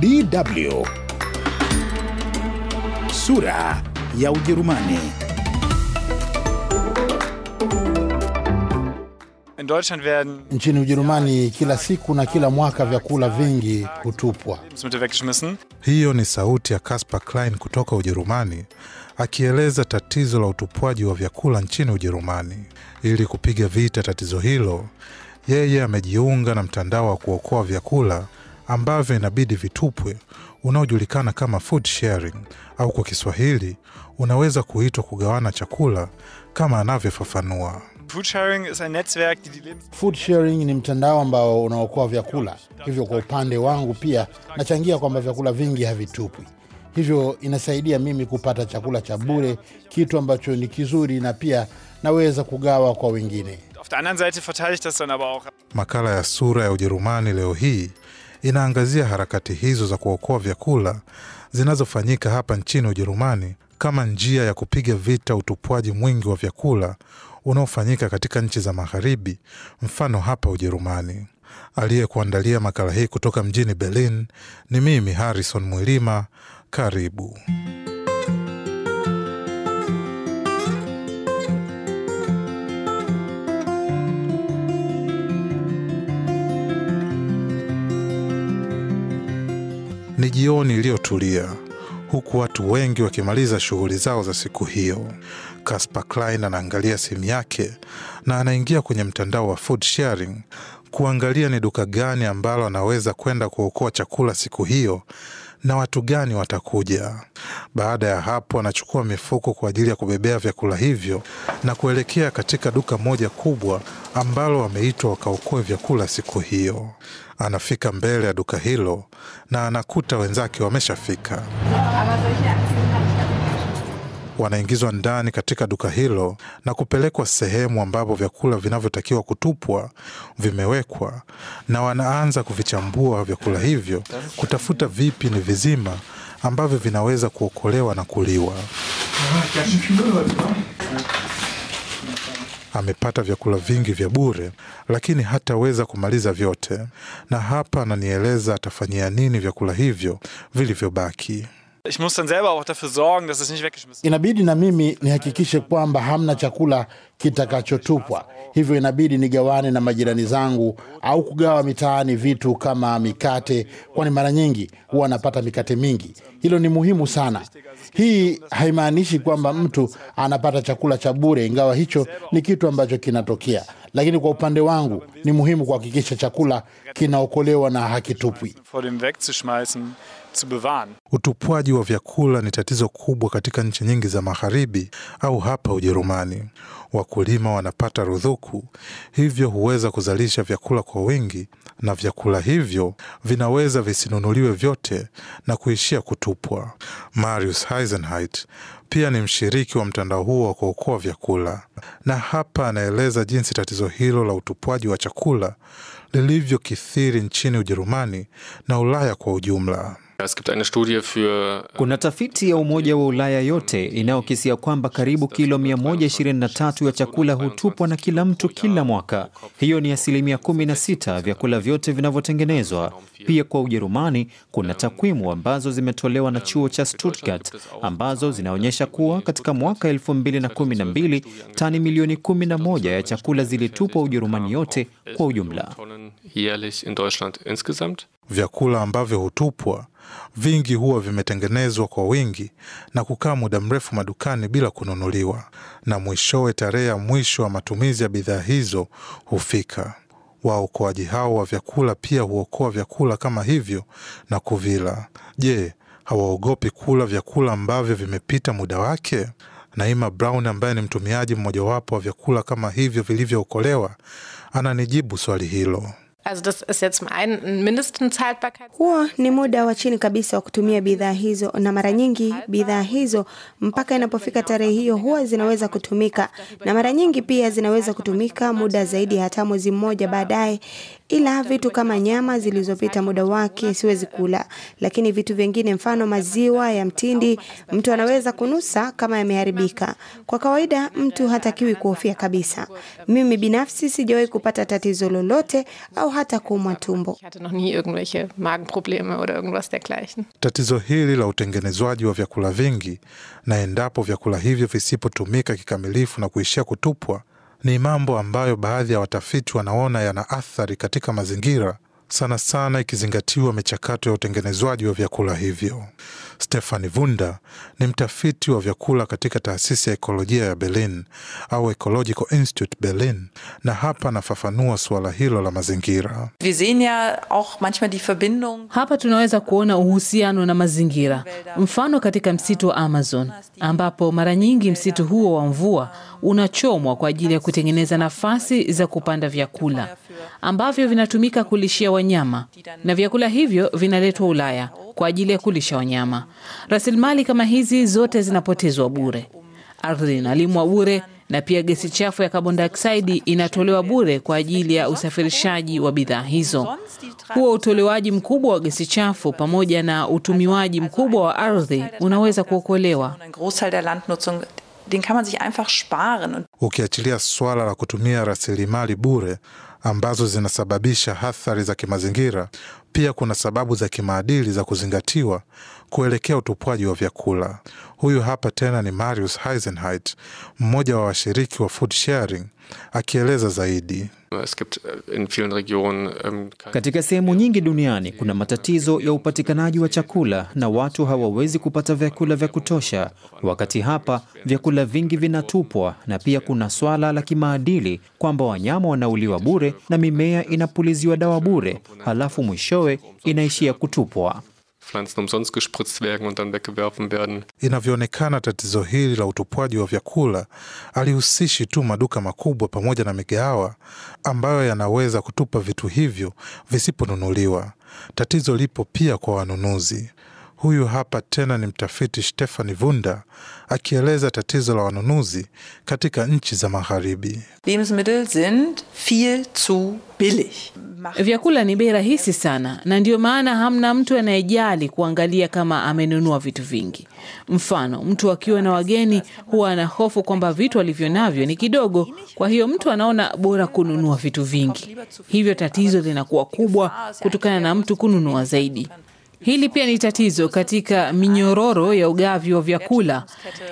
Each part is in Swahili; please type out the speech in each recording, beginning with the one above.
DW Sura ya Ujerumani. Nchini Ujerumani kila siku na kila mwaka vyakula vingi hutupwa. Hiyo ni sauti ya Caspar Klein kutoka Ujerumani akieleza tatizo la utupwaji wa vyakula nchini Ujerumani. Ili kupiga vita tatizo hilo, yeye amejiunga na mtandao wa kuokoa vyakula ambavyo inabidi vitupwe unaojulikana kama food sharing au kwa Kiswahili unaweza kuitwa kugawana chakula kama anavyofafanua. Food sharing, food sharing ni mtandao ambao unaokoa vyakula. Hivyo kwa upande wangu pia nachangia kwamba vyakula vingi havitupwi, hivyo inasaidia mimi kupata chakula cha bure, kitu ambacho ni kizuri na pia naweza kugawa kwa wengine. Makala ya Sura ya Ujerumani leo hii inaangazia harakati hizo za kuokoa vyakula zinazofanyika hapa nchini Ujerumani kama njia ya kupiga vita utupwaji mwingi wa vyakula unaofanyika katika nchi za magharibi, mfano hapa Ujerumani. Aliyekuandalia makala hii kutoka mjini Berlin ni mimi Harrison Mwilima. Karibu. Ni jioni iliyotulia huku watu wengi wakimaliza shughuli zao za siku hiyo. kaspa Klein anaangalia simu yake na anaingia kwenye mtandao wa food sharing kuangalia ni duka gani ambalo anaweza kwenda kuokoa chakula siku hiyo na watu gani watakuja. Baada ya hapo, anachukua mifuko kwa ajili ya kubebea vyakula hivyo na kuelekea katika duka moja kubwa ambalo wameitwa wakaokoe vyakula siku hiyo. Anafika mbele ya duka hilo na anakuta wenzake wameshafika, wanaingizwa ndani katika duka hilo na kupelekwa sehemu ambapo vyakula vinavyotakiwa kutupwa vimewekwa, na wanaanza kuvichambua vyakula hivyo kutafuta vipi ni vizima ambavyo vinaweza kuokolewa na kuliwa amepata vyakula vingi vya bure, lakini hataweza kumaliza vyote, na hapa ananieleza atafanyia nini vyakula hivyo vilivyobaki. Inabidi na mimi nihakikishe kwamba hamna chakula kitakachotupwa, hivyo inabidi nigawane na majirani zangu au kugawa mitaani vitu kama mikate, kwani mara nyingi huwa anapata mikate mingi. Hilo ni muhimu sana. Hii haimaanishi kwamba mtu anapata chakula cha bure, ingawa hicho ni kitu ambacho kinatokea, lakini kwa upande wangu ni muhimu kuhakikisha chakula kinaokolewa na hakitupwi. Utupwaji wa vyakula ni tatizo kubwa katika nchi nyingi za magharibi au hapa Ujerumani wakulima wanapata ruzuku, hivyo huweza kuzalisha vyakula kwa wingi, na vyakula hivyo vinaweza visinunuliwe vyote na kuishia kutupwa. Marius Heisenheit pia ni mshiriki wa mtandao huo wa kuokoa vyakula, na hapa anaeleza jinsi tatizo hilo la utupwaji wa chakula lilivyokithiri nchini Ujerumani na Ulaya kwa ujumla. Es gibt eine Studie für... Äh, kuna tafiti ya Umoja wa Ulaya yote inayokisia kwamba karibu kilo 123 ya chakula hutupwa na kila mtu kila mwaka. Hiyo ni asilimia 16 vyakula vyote vinavyotengenezwa. Pia kwa Ujerumani kuna takwimu ambazo zimetolewa na chuo cha Stuttgart ambazo zinaonyesha kuwa katika mwaka 2012 tani milioni 11 ya chakula zilitupwa Ujerumani yote kwa ujumla. Vyakula ambavyo hutupwa vingi huwa vimetengenezwa kwa wingi na kukaa muda mrefu madukani bila kununuliwa, na mwishowe tarehe ya mwisho wa matumizi ya bidhaa hizo hufika. Waokoaji hao wa vyakula pia huokoa vyakula kama hivyo na kuvila. Je, hawaogopi kula vyakula ambavyo vimepita muda wake? Naima Brown ambaye ni mtumiaji mmojawapo wa vyakula kama hivyo vilivyookolewa ananijibu swali hilo. Also das ist jetzt zum ein mindestens Huo ni muda wa chini kabisa wa kutumia bidhaa hizo, na mara nyingi bidhaa hizo mpaka inapofika tarehe hiyo huwa zinaweza kutumika, na mara nyingi pia zinaweza kutumika muda zaidi, hata mwezi mmoja baadaye, ila vitu kama nyama zilizopita muda wake siwezi kula, lakini vitu vingine mfano maziwa ya mtindi mtu anaweza kunusa kama yameharibika. Kwa kawaida mtu hatakiwi kuhofia kabisa. Mimi binafsi sijawahi kupata tatizo lolote au hata kuumwa tumbo. Tatizo hili la utengenezwaji wa vyakula vingi, na endapo vyakula hivyo visipotumika kikamilifu na kuishia kutupwa ni mambo ambayo baadhi ya watafiti wanaona yana athari katika mazingira sana sana ikizingatiwa michakato ya utengenezwaji wa vyakula hivyo. Stefani Vunda ni mtafiti wa vyakula katika taasisi ya ekolojia ya Berlin au Ecological Institute Berlin, na hapa anafafanua suala hilo la mazingira. Hapa tunaweza kuona uhusiano na mazingira, mfano katika msitu wa Amazon ambapo mara nyingi msitu huo wa mvua unachomwa kwa ajili ya kutengeneza nafasi za kupanda vyakula ambavyo vinatumika kulishia wanyama na vyakula hivyo vinaletwa Ulaya kwa ajili ya kulisha wanyama. Rasilimali kama hizi zote zinapotezwa bure, ardhi inalimwa bure, na pia gesi chafu ya carbon dioxide inatolewa bure kwa ajili ya usafirishaji wa bidhaa hizo. Huo utolewaji mkubwa wa gesi chafu pamoja na utumiwaji mkubwa wa ardhi unaweza kuokolewa. Ukiachilia swala la kutumia rasilimali bure ambazo zinasababisha athari za kimazingira, pia kuna sababu za kimaadili za kuzingatiwa kuelekea utupwaji wa vyakula. Huyu hapa tena ni Marius Heisenheit, mmoja wa washiriki wa food sharing, akieleza zaidi. Äh, ähm, Katika sehemu nyingi duniani kuna matatizo ya upatikanaji wa chakula na watu hawawezi kupata vyakula vya kutosha, wakati hapa vyakula vingi vinatupwa, na pia kuna swala la kimaadili kwamba wanyama wanauliwa bure na mimea inapuliziwa dawa bure, halafu mwishowe inaishia kutupwa pflanzen umsonst gespritzt werden und dann weggeworfen werden. Inavyoonekana, tatizo hili la utupwaji wa vyakula alihusishi tu maduka makubwa pamoja na migahawa ambayo yanaweza kutupa vitu hivyo visiponunuliwa. Tatizo lipo pia kwa wanunuzi. Huyu hapa tena ni mtafiti Stefani vunda akieleza tatizo la wanunuzi katika nchi za magharibi. Lebensmittel sind viel zu billig. Vyakula ni bei rahisi sana, na ndiyo maana hamna mtu anayejali kuangalia kama amenunua vitu vingi. Mfano, mtu akiwa na wageni huwa ana hofu kwamba vitu alivyo navyo ni kidogo, kwa hiyo mtu anaona bora kununua vitu vingi, hivyo tatizo linakuwa kubwa kutokana na mtu kununua zaidi. Hili pia ni tatizo katika minyororo ya ugavi wa vyakula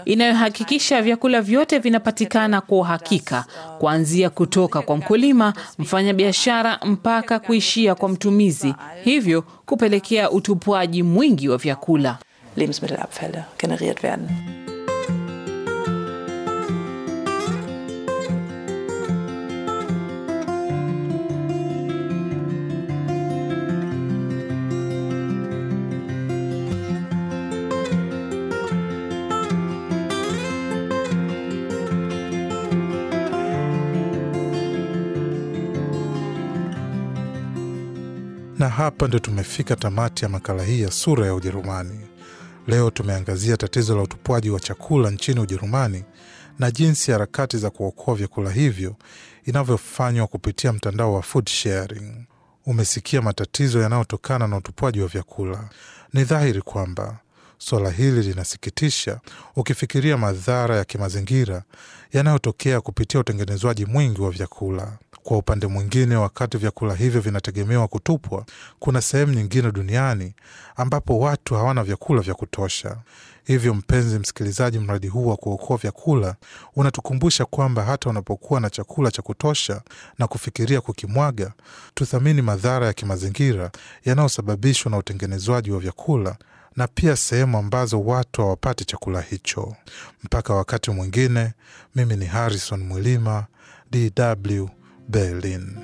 inayohakikisha vyakula vyote vinapatikana kwa uhakika, kuanzia kutoka kwa mkulima, mfanyabiashara, mpaka kuishia kwa mtumizi, hivyo kupelekea utupwaji mwingi wa vyakula. Lebensmittelabfälle generiert werden. Na hapa ndio tumefika tamati ya makala hii ya Sura ya Ujerumani. Leo tumeangazia tatizo la utupwaji wa chakula nchini Ujerumani na jinsi harakati za kuokoa vyakula hivyo inavyofanywa kupitia mtandao wa food sharing. Umesikia matatizo yanayotokana na utupwaji wa vyakula. Ni dhahiri kwamba suala hili linasikitisha, ukifikiria madhara ya kimazingira yanayotokea kupitia utengenezwaji mwingi wa vyakula. Kwa upande mwingine, wakati vyakula hivyo vinategemewa kutupwa, kuna sehemu nyingine duniani ambapo watu hawana vyakula vya kutosha. Hivyo mpenzi msikilizaji, mradi huu wa kuokoa vyakula unatukumbusha kwamba hata unapokuwa na chakula cha kutosha na kufikiria kukimwaga, tuthamini madhara ya kimazingira yanayosababishwa na utengenezwaji wa vyakula na pia sehemu ambazo watu hawapati chakula hicho. Mpaka wakati mwingine, mimi ni Harrison Mwilima, DW Berlin.